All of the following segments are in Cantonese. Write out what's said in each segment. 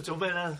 做咩咧？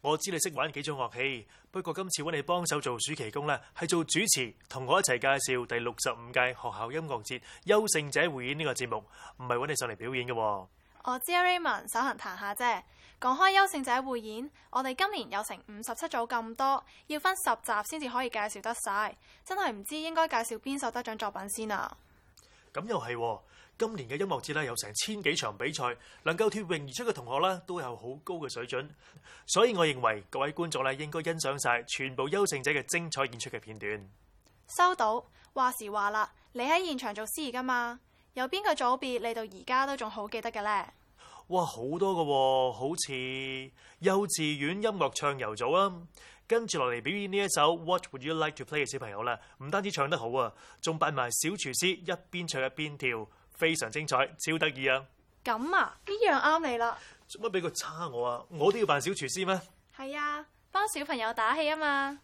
我知你識玩幾種樂器，不過今次揾你幫手做暑期工咧，係做主持，同我一齊介紹第六十五屆學校音樂節優勝者匯演呢、呢個節目，唔係揾你上嚟表演嘅。我知、oh, Raymond 手琴彈下啫。講開優勝者匯演，我哋今年有成五十七組咁多，要分十集先至可以介紹得晒，真係唔知應該介紹邊首得獎作品先啊。咁又係、哦。今年嘅音樂節咧有成千幾場比賽，能夠脫穎而出嘅同學咧都有好高嘅水準，所以我認為各位觀眾咧應該欣賞晒全部優勝者嘅精彩演出嘅片段。收到話時話啦，你喺現場做司儀噶嘛？有邊個組別你到而家都仲好記得嘅呢？哇，好多噶，哦，好似幼稚園音樂唱遊組啦，啊，跟住落嚟表演呢一首 What Would You Like To Play 嘅小朋友咧，唔單止唱得好啊，仲扮埋小廚師，一邊唱一邊跳。非常精彩，超得意啊！咁啊，呢樣啱你啦！做乜俾佢叉我啊？我都要扮小廚師咩？係啊，幫小朋友打氣啊嘛！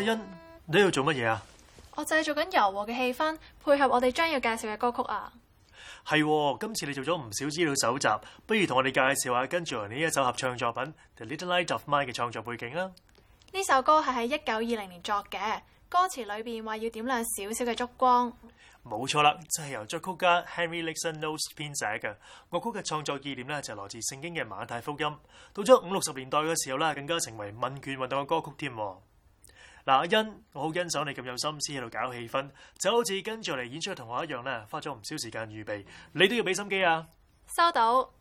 欣，你喺度做乜嘢啊？我製造緊柔和嘅氣氛，配合我哋將要介紹嘅歌曲啊。係、哦，今次你做咗唔少資料搜集，不如同我哋介紹下跟住嚟，呢一首合唱作品《The Little Light of Mine》嘅創作背景啦。呢首歌係喺一九二零年作嘅，歌詞裏邊話要點亮少少嘅燭光。冇錯啦，就係、是、由作曲家 Henry Nixon Nose、er、編寫嘅。樂曲嘅創作意念呢，就來自聖經嘅馬太福音。到咗五六十年代嘅時候咧，更加成為民權運動嘅歌曲添。嗱，阿欣，我好欣賞你咁有心思喺度搞氣氛，就好似跟住嚟演出嘅同學一樣咧，花咗唔少時間預備，你都要俾心機啊！收到。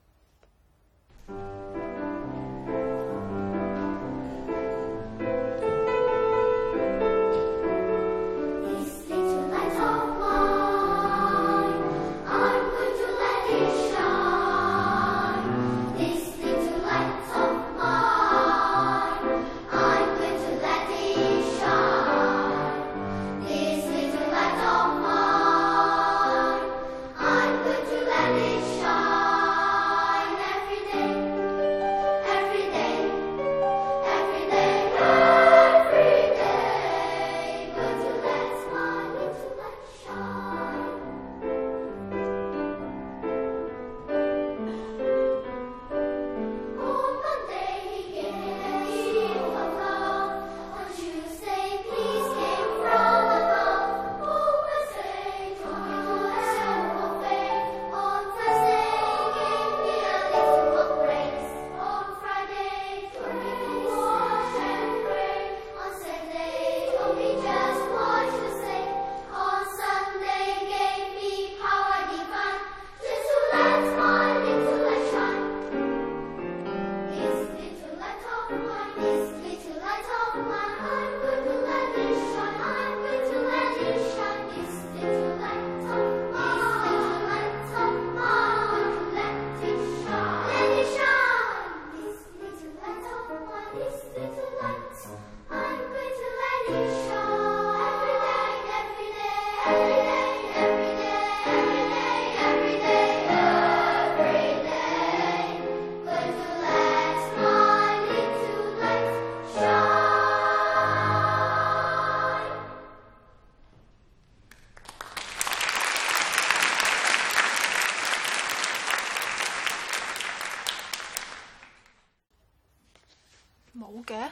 嘅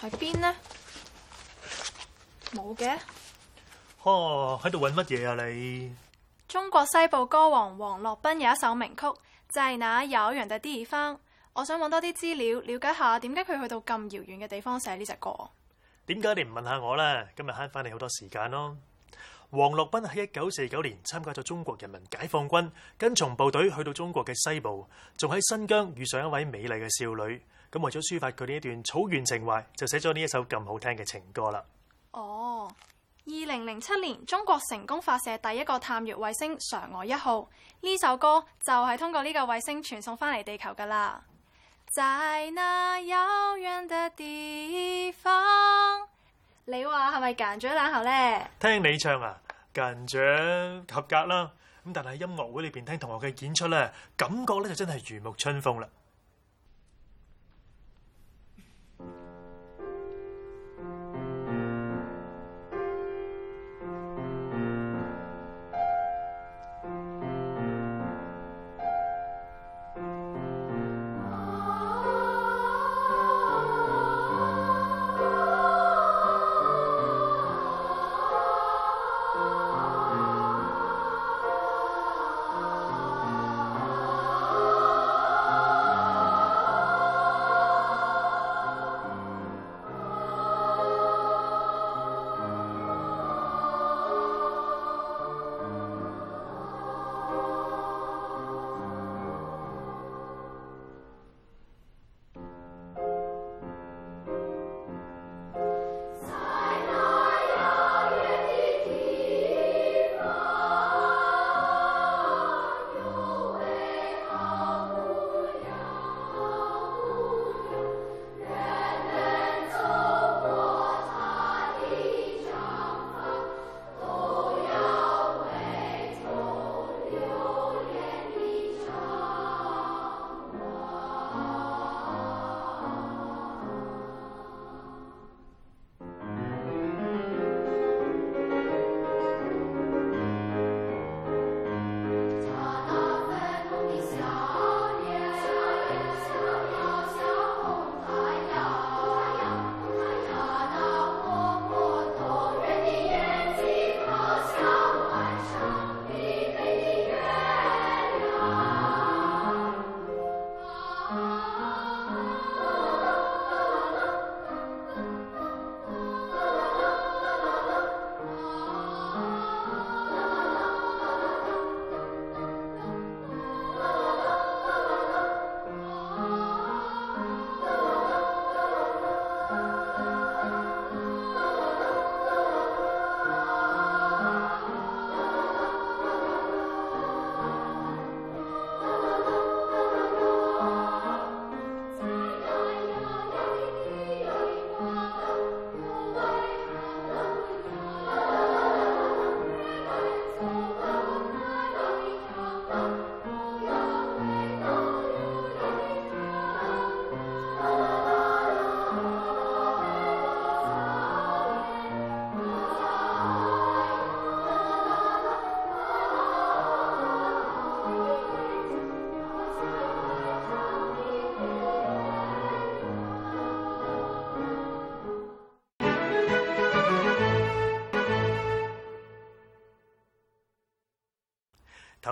喺邊呢？冇嘅。哦，喺度搵乜嘢啊？你中國西部歌王王洛賓有一首名曲，就係在那遙遠的地方。我想揾多啲資料了解下，點解佢去到咁遙遠嘅地方寫呢隻歌？點解你唔問下我呢？今日慳翻你好多時間咯。王洛賓喺一九四九年參加咗中國人民解放軍，跟從部隊去到中國嘅西部，仲喺新疆遇上一位美麗嘅少女。咁為咗抒發佢呢一段草原情懷，就寫咗呢一首咁好聽嘅情歌啦。哦，二零零七年中國成功發射第一個探月衛星嫦娥一號，呢首歌就係通過呢個衛星傳送翻嚟地球噶啦。在那遙遠的地方，你話係咪夾咗兩下呢？聽你唱啊，夾咗及格啦。咁但係喺音樂會裏邊聽同學嘅演出咧，感覺咧就真係如沐春風啦。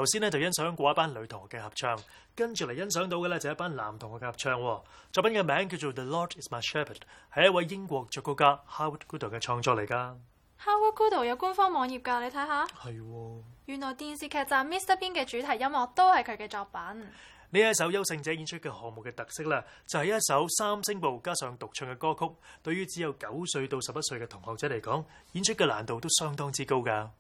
先咧就欣賞過一班女同學嘅合唱，跟住嚟，欣賞到嘅咧就一班男同學嘅合唱。作品嘅名叫做《The Lord Is My Shepherd》，係一位英國作曲家 Howard Goodall 嘅創作嚟噶。Howard Goodall 有官方網頁噶，你睇下。係、哦。原來電視劇集《Mr Bean》嘅主題音樂都係佢嘅作品。呢一首優勝者演出嘅項目嘅特色啦，就係一首三聲部加上獨唱嘅歌曲。對於只有九歲到十一歲嘅同學仔嚟講，演出嘅難度都相當之高噶。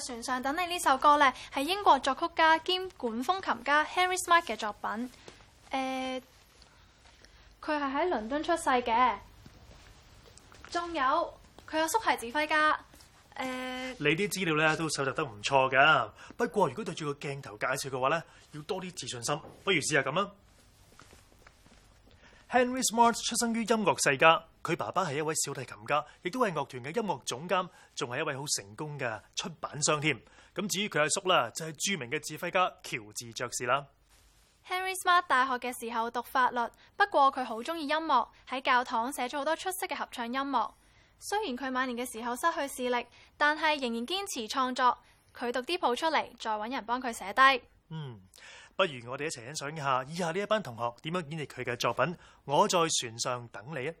船上等你呢首歌咧，係英國作曲家兼管風琴家 Henry Smart 嘅作品。誒，佢係喺倫敦出世嘅，仲有佢阿叔係指揮家。誒、uh,，你啲資料咧都搜集得唔錯㗎，不過如果對住個鏡頭介紹嘅話咧，要多啲自信心，不如試下咁啊！Henry Smart 出生於音樂世家，佢爸爸係一位小提琴家，亦都係樂團嘅音樂總監，仲係一位好成功嘅出版商添。咁至於佢阿叔啦，就係著名嘅指揮家喬治爵士啦。Henry Smart 大學嘅時候讀法律，不過佢好中意音樂，喺教堂寫咗好多出色嘅合唱音樂。雖然佢晚年嘅時候失去視力，但係仍然堅持創作，佢讀啲譜出嚟，再搵人幫佢寫低。嗯。不如我哋一齊欣賞一下以下呢一班同學點樣演繹佢嘅作品《我在船上等你》啊！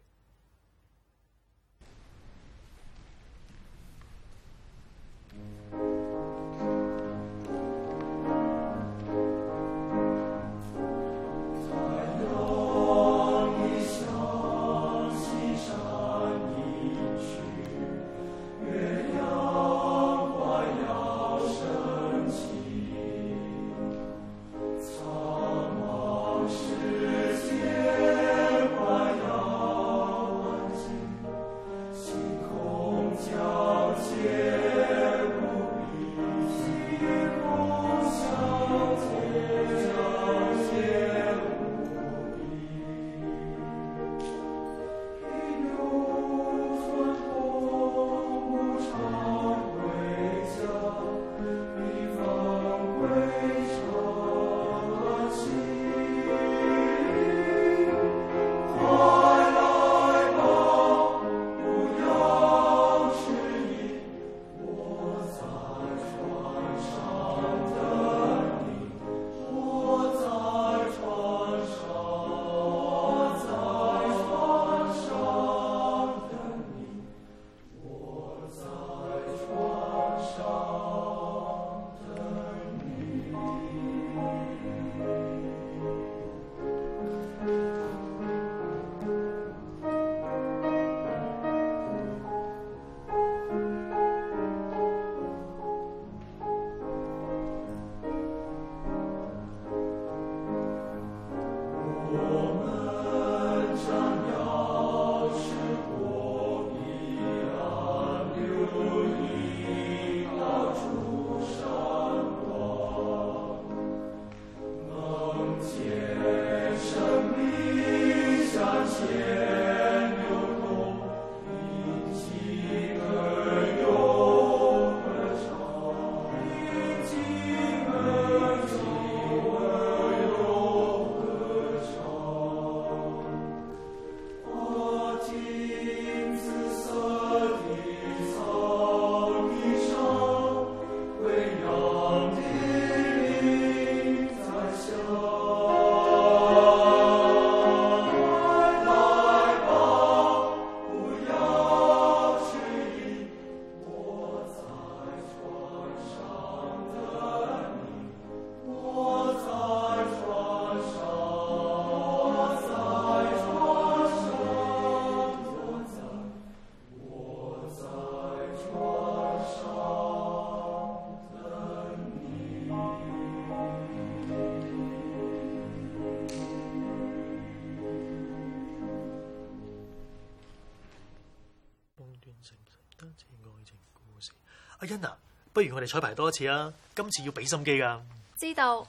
啊、不如我哋綵排多一次啊！今次要俾心機噶。知道。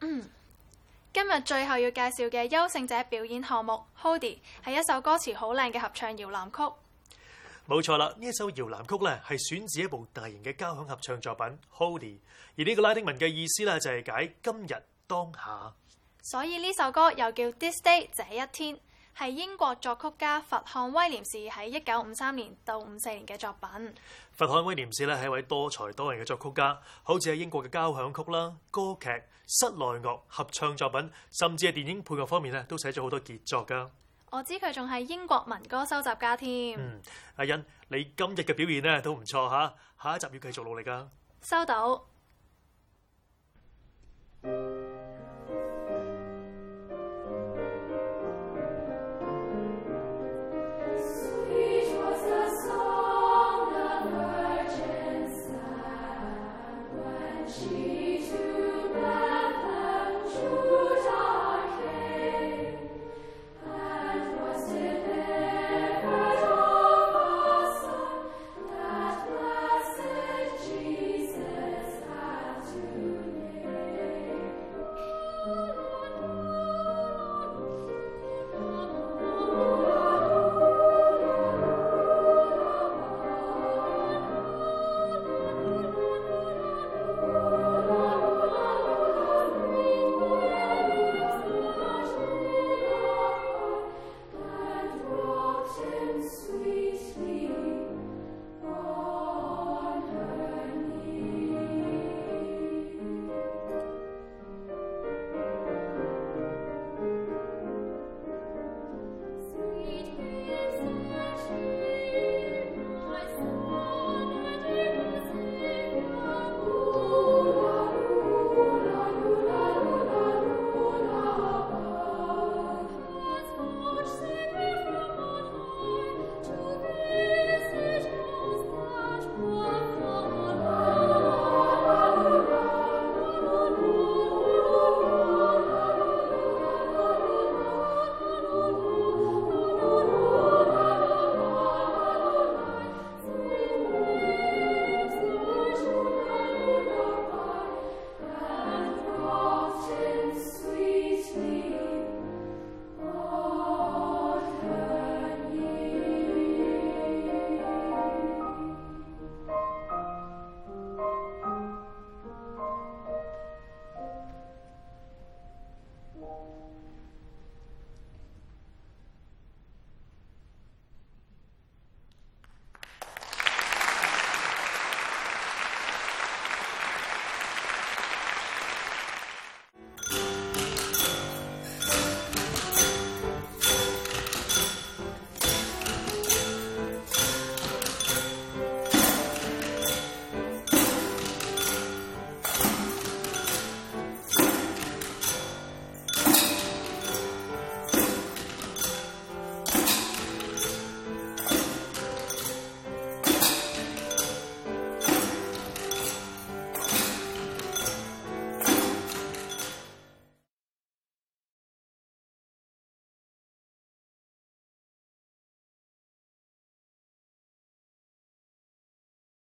嗯、今日最後要介紹嘅優勝者表演項目《Hodie》係一首歌詞好靚嘅合唱搖籃曲。冇錯啦，呢一首搖籃曲咧係選自一部大型嘅交響合唱作品《Hodie》，而呢個拉丁文嘅意思咧就係、是、解今日當下，所以呢首歌又叫《This Day》這一天。係英國作曲家佛漢威廉士喺一九五三年到五四年嘅作品。佛漢威廉士呢，係一位多才多藝嘅作曲家，好似喺英國嘅交響曲啦、歌劇、室內樂、合唱作品，甚至係電影配樂方面呢，都寫咗好多傑作噶。我知佢仲係英國民歌收集家添。嗯，阿欣，你今日嘅表現呢都唔錯吓，下一集要繼續努力噶。收到。